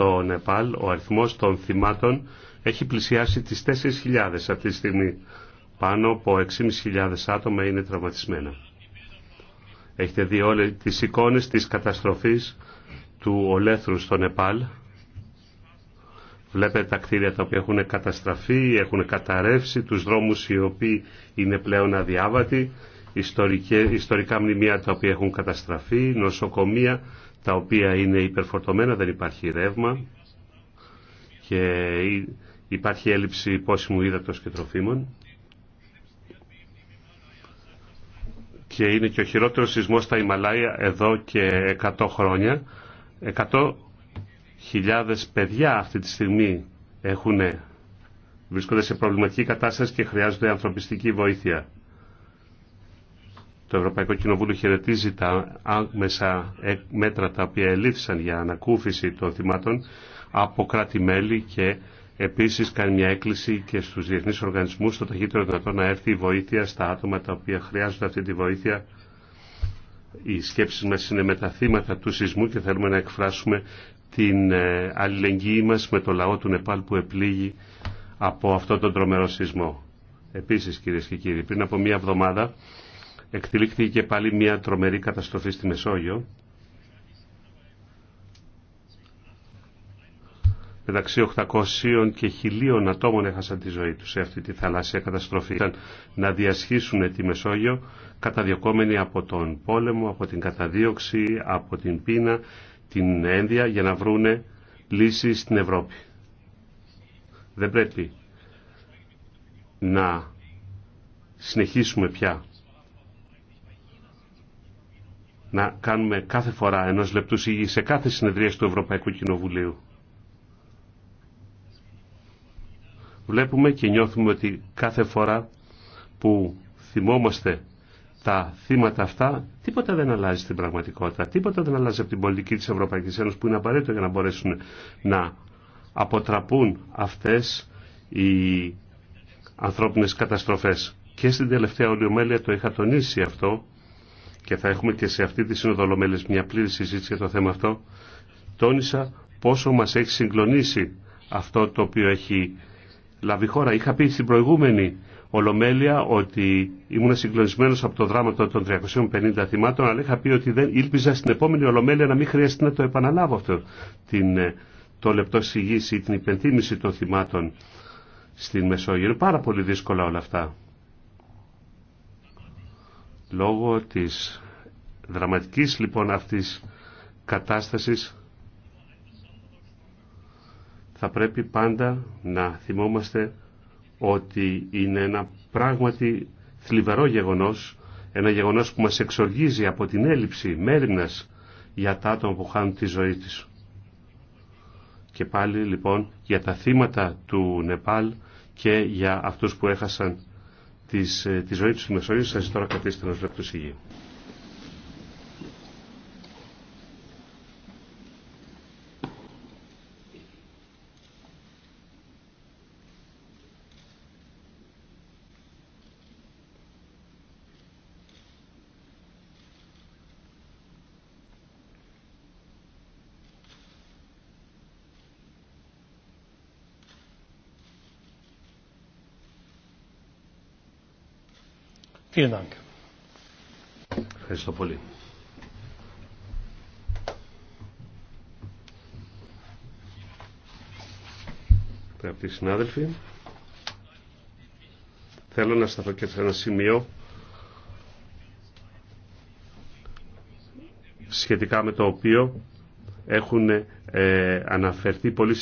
στο Νεπάλ ο αριθμός των θυμάτων έχει πλησιάσει τις 4.000 αυτή τη στιγμή. Πάνω από 6.500 άτομα είναι τραυματισμένα. Έχετε δει όλες τις εικόνες της καταστροφής του Ολέθρου στο Νεπάλ. Βλέπετε τα κτίρια τα οποία έχουν καταστραφεί, έχουν καταρρεύσει, τους δρόμους οι οποίοι είναι πλέον αδιάβατοι ιστορικά μνημεία τα οποία έχουν καταστραφεί, νοσοκομεία τα οποία είναι υπερφορτωμένα, δεν υπάρχει ρεύμα και υπάρχει έλλειψη πόσιμου ύδατος και τροφίμων. Και είναι και ο χειρότερος σεισμός στα Ιμαλάια εδώ και 100 χρόνια. 100.000 παιδιά αυτή τη στιγμή έχουν, βρίσκονται σε προβληματική κατάσταση και χρειάζονται ανθρωπιστική βοήθεια. Το Ευρωπαϊκό Κοινοβούλιο χαιρετίζει τα άμεσα ε, μέτρα τα οποία ελήφθησαν για ανακούφιση των θυμάτων από κράτη-μέλη και επίση κάνει μια έκκληση και στου διεθνεί οργανισμού στο ταχύτερο δυνατό να έρθει η βοήθεια στα άτομα τα οποία χρειάζονται αυτή τη βοήθεια. Οι σκέψει μα είναι με τα θύματα του σεισμού και θέλουμε να εκφράσουμε την ε, αλληλεγγύη μα με το λαό του Νεπάλ που επλήγει από αυτόν τον τρομερό σεισμό. Επίση, κυρίε και κύριοι, πριν από μία εβδομάδα εκτελήχθηκε πάλι μια τρομερή καταστροφή στη Μεσόγειο. Μεταξύ 800 και 1000 ατόμων έχασαν τη ζωή τους σε αυτή τη θαλάσσια καταστροφή. Ήταν να διασχίσουν τη Μεσόγειο καταδιωκόμενοι από τον πόλεμο, από την καταδίωξη, από την πείνα, την ένδια για να βρούνε λύσεις στην Ευρώπη. Δεν πρέπει να συνεχίσουμε πια να κάνουμε κάθε φορά ενό λεπτού σιγή σε κάθε συνεδρία του Ευρωπαϊκού Κοινοβουλίου. Βλέπουμε και νιώθουμε ότι κάθε φορά που θυμόμαστε τα θύματα αυτά, τίποτα δεν αλλάζει στην πραγματικότητα. Τίποτα δεν αλλάζει από την πολιτική της Ευρωπαϊκής Ένωσης που είναι απαραίτητο για να μπορέσουν να αποτραπούν αυτές οι ανθρώπινες καταστροφές. Και στην τελευταία ολιομέλεια το είχα τονίσει αυτό, και θα έχουμε και σε αυτή τη Σύνοδο μια πλήρη συζήτηση για το θέμα αυτό, τόνισα πόσο μας έχει συγκλονίσει αυτό το οποίο έχει λάβει χώρα. Είχα πει στην προηγούμενη Ολομέλεια ότι ήμουν συγκλονισμένο από το δράμα των 350 θυμάτων, αλλά είχα πει ότι δεν ήλπιζα στην επόμενη Ολομέλεια να μην χρειαστεί να το επαναλάβω αυτό. Την, ε, το λεπτό συγγύηση ή την υπενθύμηση των θυμάτων στην Μεσόγειο. Είναι πάρα πολύ δύσκολα όλα αυτά. Λόγω της δραματικής λοιπόν αυτής κατάστασης θα πρέπει πάντα να θυμόμαστε ότι είναι ένα πράγματι θλιβερό γεγονός, ένα γεγονός που μας εξοργίζει από την έλλειψη μέρημνας για τα άτομα που χάνουν τη ζωή της. Και πάλι λοιπόν για τα θύματα του Νεπάλ και για αυτούς που έχασαν της, ε, της ζωής της Μεσογείου. Σας ζητώ να κρατήσετε λεπτό λεπτού Ευχαριστώ πολύ. Αγαπητοί συνάδελφοι, θέλω να σταθώ και σε ένα σημείο σχετικά με το οποίο έχουν ε, αναφερθεί πολλοί